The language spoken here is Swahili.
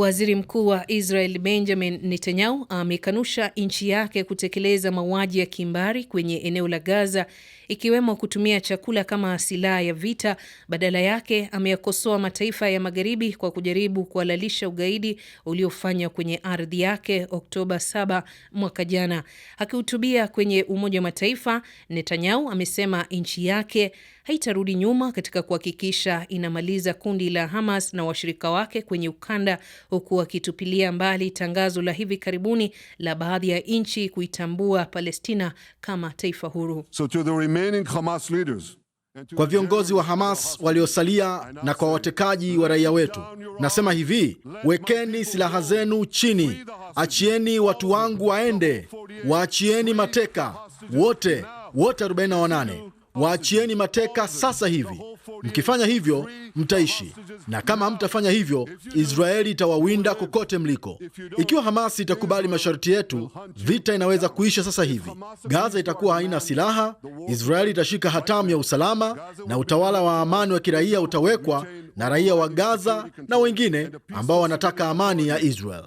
Waziri Mkuu wa Israel Benjamin Netanyahu amekanusha nchi yake kutekeleza mauaji ya kimbari kwenye eneo la Gaza, ikiwemo kutumia chakula kama silaha ya vita. Badala yake ameyakosoa mataifa ya Magharibi kwa kujaribu kuhalalisha ugaidi uliofanywa kwenye ardhi yake Oktoba 7 mwaka jana. Akihutubia kwenye Umoja wa Mataifa, Netanyahu amesema nchi yake haitarudi nyuma katika kuhakikisha inamaliza kundi la Hamas na washirika wake kwenye ukanda, huku akitupilia mbali tangazo la hivi karibuni la baadhi ya nchi kuitambua Palestina kama taifa huru. So to the remaining Hamas leaders kwa viongozi wa Hamas waliosalia na kwa watekaji wa raia wetu, nasema hivi: wekeni silaha zenu chini, achieni watu wangu waende, waachieni mateka wote wote 48 waachieni mateka sasa hivi. Mkifanya hivyo mtaishi, na kama mtafanya hivyo, Israeli itawawinda kokote mliko. Ikiwa hamasi itakubali masharti yetu, vita inaweza kuisha sasa hivi. Gaza itakuwa haina silaha, Israeli itashika hatamu ya usalama, na utawala wa amani wa kiraia utawekwa na raia wa Gaza na wengine ambao wanataka amani ya Israel.